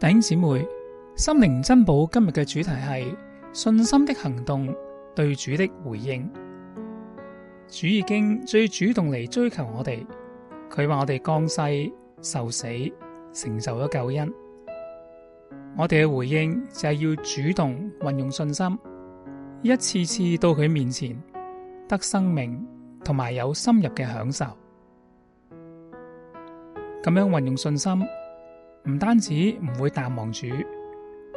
弟兄姊妹，心靈珍寶今日嘅主題係信心的行動，對主的回應。主已經最主動嚟追求我哋，佢話我哋降世受死，承受咗救恩。我哋嘅回應就係要主動運用信心，一次次到佢面前，得生命，同埋有深入嘅享受。咁樣運用信心。唔單止唔會淡忘主，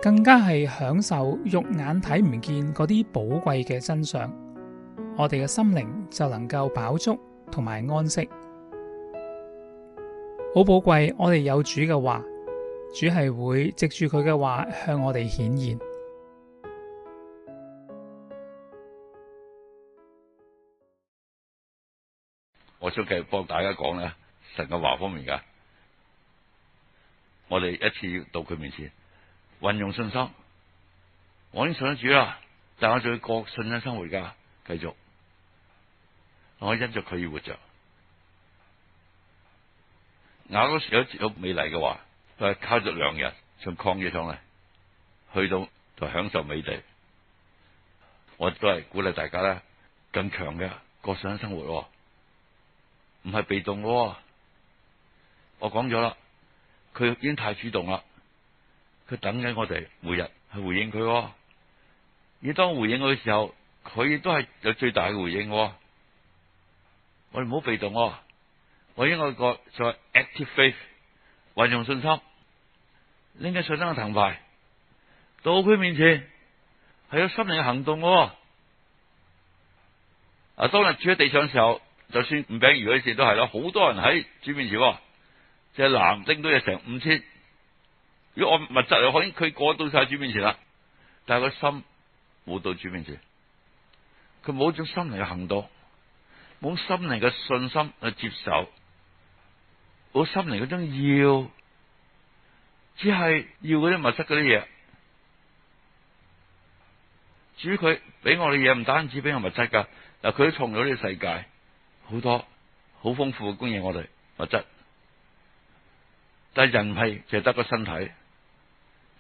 更加係享受肉眼睇唔見嗰啲寶貴嘅真相，我哋嘅心靈就能夠飽足同埋安息。好寶貴，我哋有主嘅話，主係會藉住佢嘅話向我哋顯現。我想繼續幫大家講呢神嘅話方面㗎。我哋一次到佢面前，運用信心，我已經信咗主啦，但我仲要過信心生活噶，繼續，我因着佢要活着。雅歌寫咗美好美麗嘅話，都係靠着良人，從曠野上嚟，去到就享受美地。我都係鼓勵大家啦，更強嘅過信心生活、哦，唔係被動嘅、哦。我講咗啦。佢已經太主動啦，佢等緊我哋每日去回應佢、哦。你當回應佢嘅時候，佢亦都係有最大嘅回應、哦。我哋唔好被動、哦，我應該個再 active faith，運用信心，拎緊信心嘅藤牌，到佢面前係有心理嘅行動、哦。啊，當日住喺地上嘅時候，就算五餅二魚嗰時都係啦，好多人喺主面前、哦。即係男丁都有成五千，如果按物質嚟講，佢過到曬主面前啦，但係個心冇到主面前，佢冇一種心靈嘅行動，冇心靈嘅信心去接受，冇心靈嗰種要，只係要嗰啲物質嗰啲嘢。至主佢俾我哋嘢，唔單止俾我物質噶，嗱佢都創造呢個世界，好多好豐富嘅供應我哋物質。但係人係就係得個身體，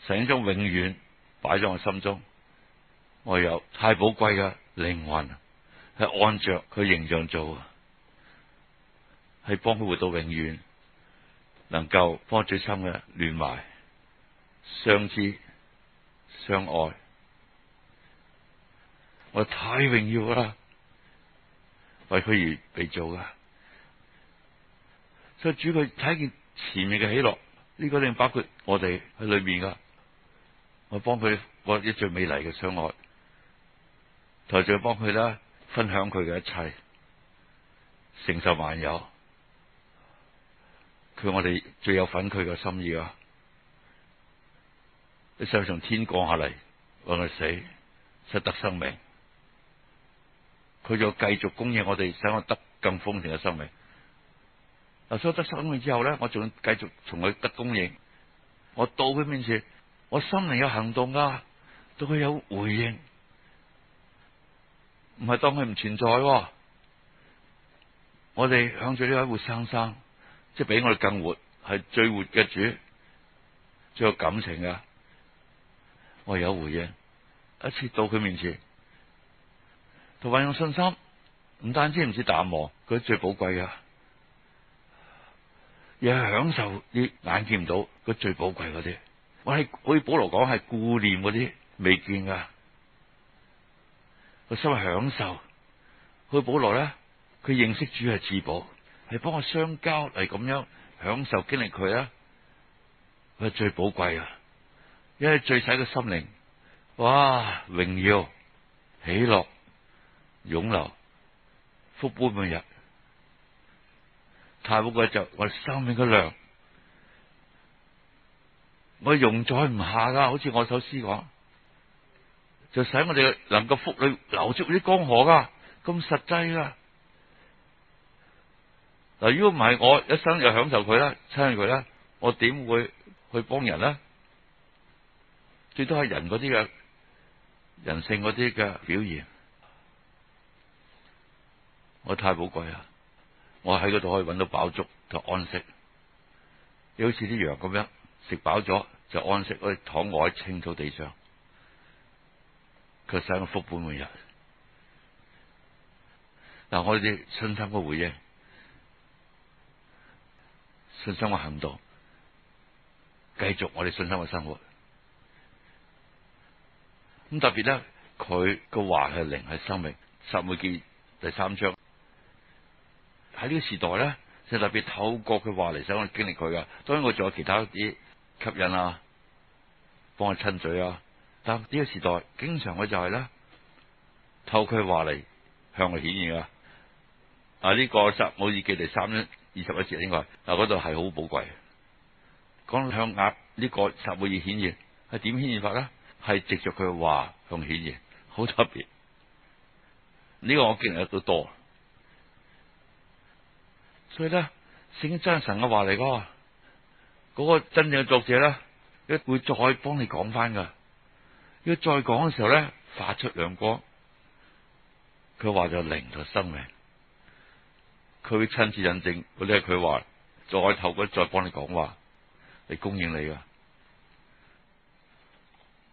成咗永遠擺咗我心中，我有太寶貴嘅靈魂，係按着佢形象做，係幫佢活到永遠，能夠幫最深嘅聯埋、相知、相愛，我太榮耀啦，為佢而被做噶，所以主佢睇見。前面嘅喜樂，呢、這個一定包括我哋喺裏面噶，我幫佢我一最美麗嘅相愛，台再幫佢啦，分享佢嘅一切，承受萬有，佢我哋最有份佢嘅心意啊！你想從天降下嚟，為佢死，失得生命，佢就繼續供應我哋，想我得更豐盛嘅生命。收得生命之後咧，我仲繼續同佢得供應。我到佢面前，我心靈有行動噶、啊，對佢有回應，唔係當佢唔存在、啊。我哋向住呢位活生生，即係比我哋更活，係最活嘅主，最有感情噶。我有回應，一次到佢面前，同埋用信心，唔單止唔止打磨，佢最寶貴噶。又係享受啲眼見唔到，佢最寶貴嗰啲，我係可以保羅講係顧念嗰啲未見噶，個心係享受。去保羅咧，佢認識主係至寶，係幫我相交嚟咁樣享受經歷佢啊，佢最寶貴啊，因為最使個心靈，哇，榮耀、喜樂、湧流、福杯滿溢。太寶貴就我生命嘅量，我容載唔下噶好似我首詩講，就使我哋能夠腹裡，流出啲江河噶咁實際噶。嗱，如果唔係我一生就享受佢啦，親近佢啦，我點會去幫人呢？最多係人嗰啲嘅人性嗰啲嘅表現，我太寶貴啦。我喺嗰度可以揾到飽足就安息，你好似啲羊咁樣食飽咗就安息，可以躺臥喺青草地上，佢使我福杯滿溢。但、啊、我哋信心嘅回應，信心嘅行動，繼續我哋信心嘅生活。咁特別咧，佢個話係靈係生命，十會記第三章。喺呢個時代咧，就特別透過佢話嚟，想我哋經歷佢噶。當然我仲有其他啲吸引啊，幫佢親嘴啊。但呢個時代經常我就係咧，透過佢話嚟向佢顯現噶、啊。啊，呢、這個撒母耳記第三一二十一節，應該嗱嗰度係好寶貴，講、啊、向壓呢個撒母耳顯現係點顯現法咧？係藉着佢話向佢顯現，好特別。呢、這個我經歷得都多。所以咧，聖經真係神嘅話嚟噶，嗰、嗰個真正嘅作者咧，一會再幫你講翻噶，要再講嘅時候咧，發出亮光，佢話就靈就生命，佢會親自印證，嗰啲係佢話，再透過再幫你講話，嚟供應你噶。